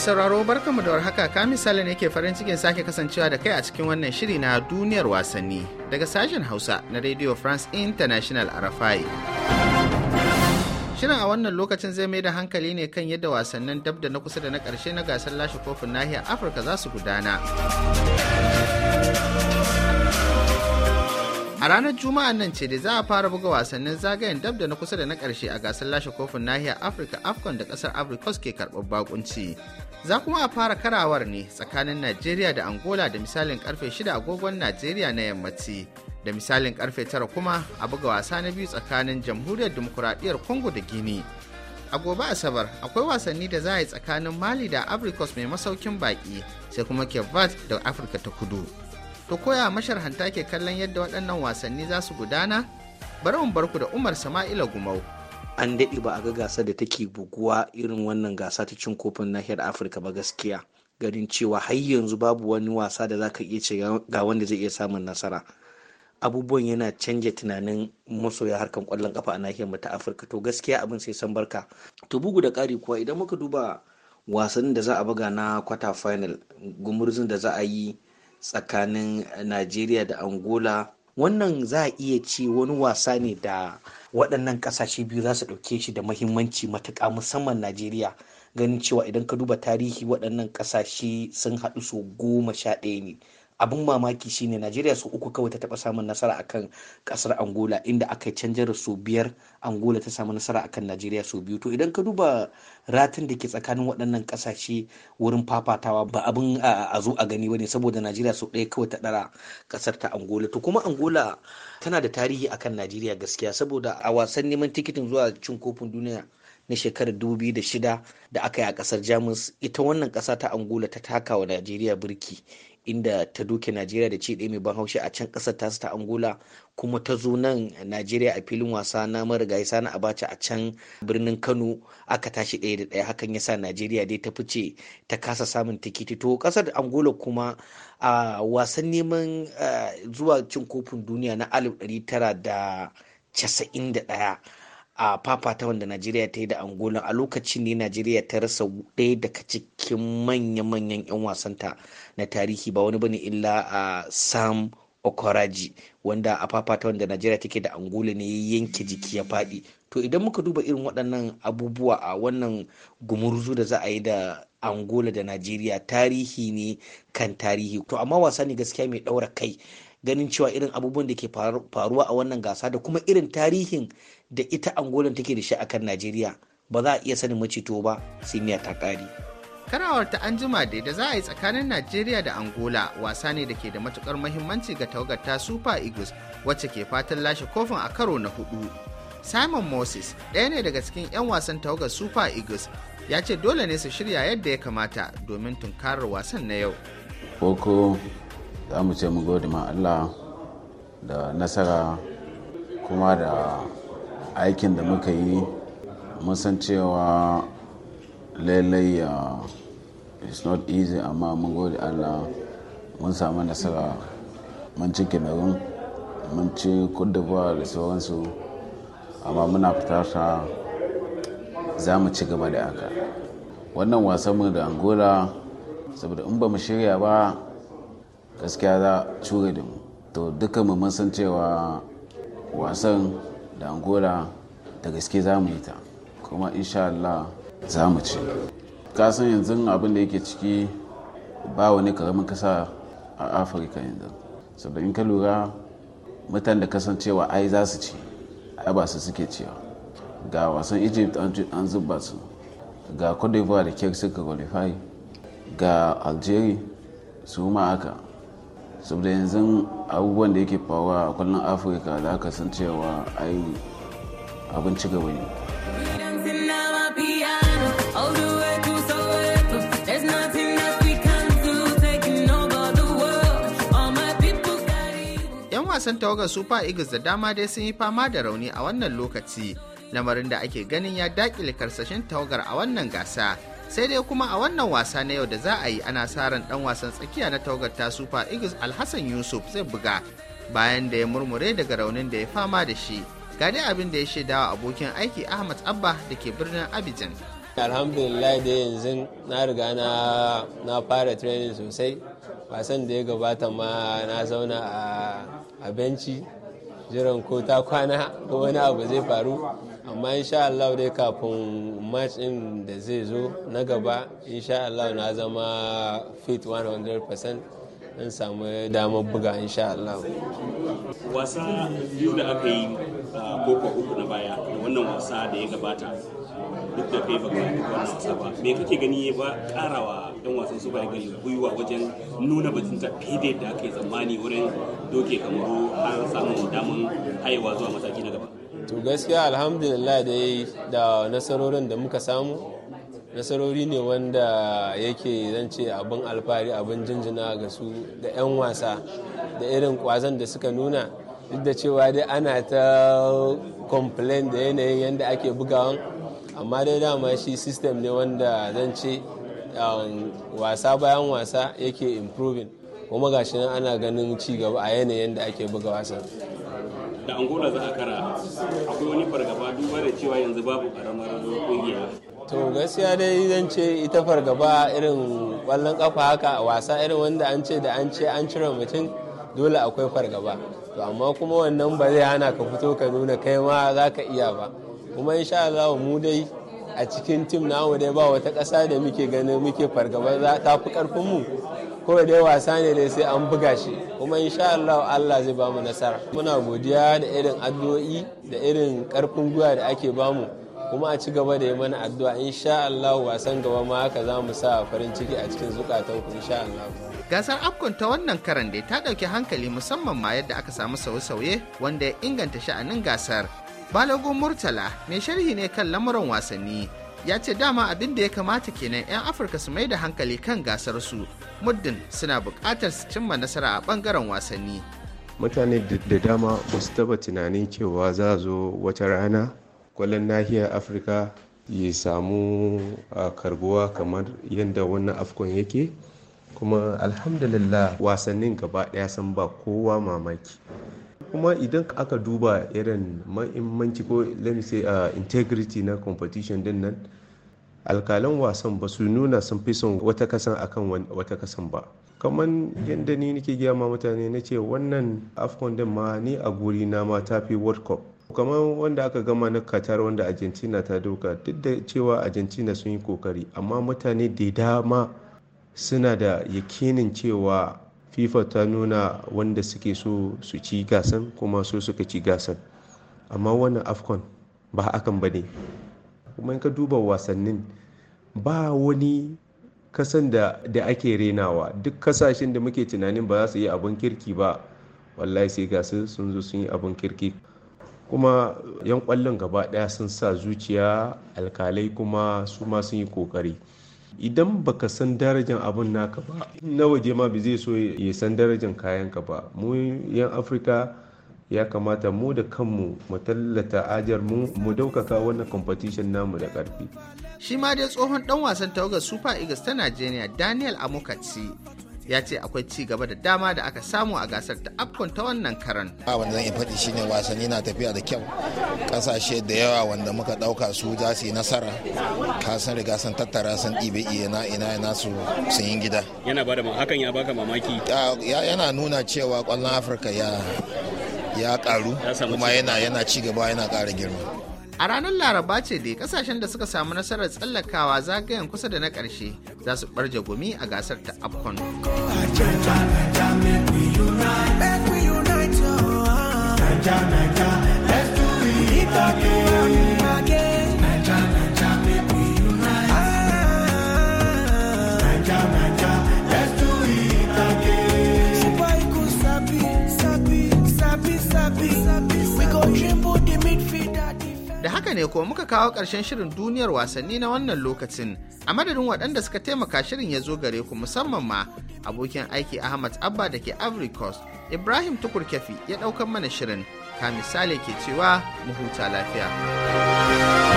sauraro barkanmu da warhaka ka misali ne ke farin cikin sake kasancewa da kai a cikin wannan shiri na duniyar wasanni daga sashen Hausa na Radio France International RFI. Shirin a wannan lokacin zai mai da hankali ne kan yadda wasannin dab da na kusa da na karshe na gasar lashe kofin nahiyar Afirka za su gudana. A ranar juma'a nan ce da za a fara buga wasannin zagayen dab da na kusa da na karshe a gasar lashe kofin nahiyar Afirka Afcon da ƙasar Africos ke karɓar bakunci. za kuma a fara karawar ne tsakanin najeriya da angola da misalin karfe 6 agogon najeriya na yammaci da misalin karfe 9 kuma a buga wasa na biyu tsakanin jamhuriyar dimokuraɗiyyar congo da gini a gobe asabar akwai wasanni da za a yi tsakanin mali da africos mai masaukin baƙi, sai kuma kevat da afirka ta kudu to koya masharhanta ke kallon yadda waɗannan wasanni za su gudana bari mu barku da umar sama'ila gumau an daɗe ba a ga gasar da take buguwa irin wannan gasa ta cin kofin nahiyar afirka ba gaskiya ganin cewa har yanzu babu wani wasa da zaka iya ce ga wanda zai iya samun nasara abubuwan yana canja tunanin masoya harkan kwallon kafa a nahiyar mu ta afirka to gaskiya abin sai san barka to bugu da ƙari kuwa idan muka duba wasannin da za a buga na kwata final gumurzun da za a yi tsakanin najeriya da angola wannan za a iya ce wani wasa ne da waɗannan ƙasashe biyu za su ɗauke shi da mahimmanci matuƙa musamman najeriya ganin cewa idan ka duba tarihi waɗannan ƙasashe sun haɗu so goma sha ɗaya ne abin mamaki shine najeriya su uku kawai ta taba samun nasara akan kasar angola inda aka yi canjar su biyar angola ta samu nasara akan najeriya su biyu to idan ka duba ratin da ke tsakanin waɗannan ƙasashe wurin fafatawa ba abin a zo a gani bane saboda najeriya su ɗaya kawai ta ɗara ƙasar ta angola to kuma angola tana da tarihi akan najeriya gaskiya saboda a wasan neman tikitin zuwa cin kofin duniya na shekarar 2006 da aka yi a ƙasar jamus ita wannan ƙasa ta angola ta taka wa najeriya birki inda ta duke najeriya da ci ɗaya mai ban haushi a can ƙasar tasu ta angola kuma ta zo nan najeriya a filin wasa na marigayi na abacha a can birnin kano aka tashi ɗaya da ɗaya hakan yasa najeriya dai ta fice ta kasa samun tikiti to ƙasar angola kuma a wasan neman zuwa cin kofin duniya na 1991 a fafata wanda najeriya ta yi da angola a lokacin ne najeriya ta rasa ɗaya daga cikin manya-manyan 'yan wasanta na tarihi ba wani bane illa a sam okoraji wanda a fafata wanda najeriya take da angola ne ya yanke jiki ya faɗi to idan muka duba irin waɗannan abubuwa a wannan gumurzu da za a yi da angola da najeriya tarihi ne kan tarihi to amma wasa ne gaskiya mai ɗaura kai ganin cewa irin abubuwan da ke faruwa a wannan gasa da kuma irin tarihin da ita angolan take da shi akan najeriya ba za a iya sanin macito ba sai miya ta ƙare karawar ta an jima dai da za a yi tsakanin najeriya da angola wasa ne da ke da matukar mahimmanci ga tawagar ta super eagles wacce ke fatan lashe kofin a karo na hudu simon moses ɗaya ne daga cikin 'yan wasan tawagar super eagles ya ce dole ne su shirya yadda ya kamata domin tunkarar wasan na yau koko za mu ce mu gode ma allah da nasara kuma da aikin da muka yi musan cewa ya uh, it's not easy amma mun gode allah mun samu nasara mun ci cameroon mun ci kudubuwa da sauransu amma muna fitarsa za mu ci gaba da aka wannan wasan mu da angola saboda in ba mu shirya ba gaskiya za a cure da mu to duka mu mun san cewa wasan da angola da gaske za mu yi ta kuma insha Allah za mu ci kasan yanzu abin da yake ciki ba wani karamin kasa a afirka yanzu saboda in ka lura mutan da kasancewa ai za su ci ai ba su suke cewa ga wasan egypt an zuba su ga cote d'ivoire da kyar suka qualify ga algeria su ma aka saboda yanzu abubuwan da yake fawa a kwallon afirka za aka san cewa ai abin ci gaba ne yan wasan tawagar super eagles da dama dai sun yi fama da rauni a wannan lokaci lamarin da ake ganin ya dakile karsashin tawagar a wannan gasa sai dai kuma a wannan wasa na yau da za a yi ana sa ran dan wasan tsakiya na tawagar ta super eagles alhassan yusuf zai buga bayan da ya murmure daga raunin da ya fama da shi ga dai abin da ya shaidawa abokin aiki ahmad abba da ke birnin abidjan alhamdulillah da yanzu na riga na fara training sosai wasan da ya gabata ma na zauna a benci jiran ko ta kwana ko wani abu zai faru amma insha Allah dai kafin match ɗin da zai zo na gaba insha Allah na zama fit 100% an samu damar buga insha Allah wasa biyu da aka yi koko uku na baya da wannan wasa da ya gabata duk da kai baka wasa ba me kake gani ya ba karawa yan wasan su bai gani gwiwa wajen nuna batun fiye da ake tsammani wurin doke kamaru har samun damar haihuwa zuwa mataki na gaba to gaskiya alhamdulillah dai da nasarorin da muka samu nasarori ne wanda yake zan ce abin alfahari abin jinjina ga su da 'yan wasa da irin kwazon da suka nuna duk da cewa dai ana ta complain da yanayin yadda ake bugawan amma dai dama shi system ne wanda zan ce um, wasa bayan wasa yake improving kuma gashi nan ana ganin ci gaba a yanayin da ake buga wasan da angola za a kara akwai wani fargaba duba da cewa yanzu babu karamar kungiya to gaskiya dai zan ce ita fargaba irin kwallon kafa haka a wasa irin wanda an ce da an ce an cire mutum dole akwai fargaba to amma kuma wannan ba zai hana ka fito ka nuna kai ma za ka iya ba kuma insha Allah mu dai a cikin tim namu dai ba wata ƙasa da muke ganin muke fargaba za ta fi ƙarfin mu kawai dai wasa ne dai sai an buga shi kuma insha Allah Allah zai mu nasara muna godiya da irin addu'o'i da irin ƙarfin guya da ake bamu kuma a ci gaba da yi mana addu'a insha Allah wasan gaba ma haka za mu sa farin ciki a cikin zukatan ku insha Allah gasar afkon ta wannan karan dai ta ɗauki hankali musamman ma yadda aka samu sauye-sauye wanda ya inganta sha'anin gasar balago murtala mai sharhi ne kan lamuran wasanni ya ce dama abin da ya kamata kenan 'yan afirka su mai da hankali kan gasar su muddin suna bukatar su cimma nasara a ɓangaren wasanni mutane da dama ba su taba tunanin cewa za zo wata rana kwallon nahiyar afirka ya samu karbuwa kamar yadda wannan afkon yake kuma alhamdulillah wasannin gaba ɗaya san ba kowa mamaki kuma idan aka duba irin mahimmanci ko let a uh, integrity na competition din nan alkalan wasan ba su nuna sun fi son wata kasan akan wata kasan ba kamar yadda ni nake gaya ma mutane na ce wannan afcon din ma ni a guri na ma ta fi world cup kamar wanda aka gama na qatar wanda argentina ta doka duk da cewa argentina sun yi kokari amma mutane da dama suna da yakinin cewa fifa ta nuna wanda suke so su ci gasan kuma so suka ci gasan amma wannan afcon ba hakan ba ne kuma in ka duba wasannin ba wani kasan da, da ake renawa duk kasashen da muke tunanin ba za su yi abin kirki ba wallahi sai gasu sun zo sun yi abin kirki kuma yan kwallon gaba daya sun sa zuciya alkalai kuma su ma sun yi kokari idan baka san darajar abin naka ba na waje ma bai zai so ya san darajar kayan ka ba mu yan afirka ya kamata mu da kanmu mu tallata ajar mu mu daukaka wannan competition namu da karfi shi ma dai tsohon dan wasan tawagar super eagles ta nigeria daniel amokaci ya ce akwai ci gaba da dama da aka samu a gasar ta afkon ta wannan karan. wanda zan iya faɗi shine wasanni na tafiya da kyau ƙasashe da yawa wanda muka ɗauka su za su yi nasara ka san riga sun tattara sun ɗibe ina ina ina su sun yi gida. yana ba da hakan ya baka mamaki. yana nuna cewa ƙwallon afirka ya ya karu kuma yana yana ci gaba yana ƙara girma. a ranar laraba ce dai kasashen da suka samu nasarar tsallakawa zagayen kusa da na ƙarshe za su ɓarje gumi a gasar ta afcon Yeah. ne kuma muka kawo ƙarshen shirin duniyar wasanni na wannan lokacin a madadin waɗanda suka taimaka shirin ya zo gare ku musamman ma abokin aiki ahmad abba da ke coast ibrahim tukur ya ɗaukar mana shirin ka misali ke cewa mu huta lafiya.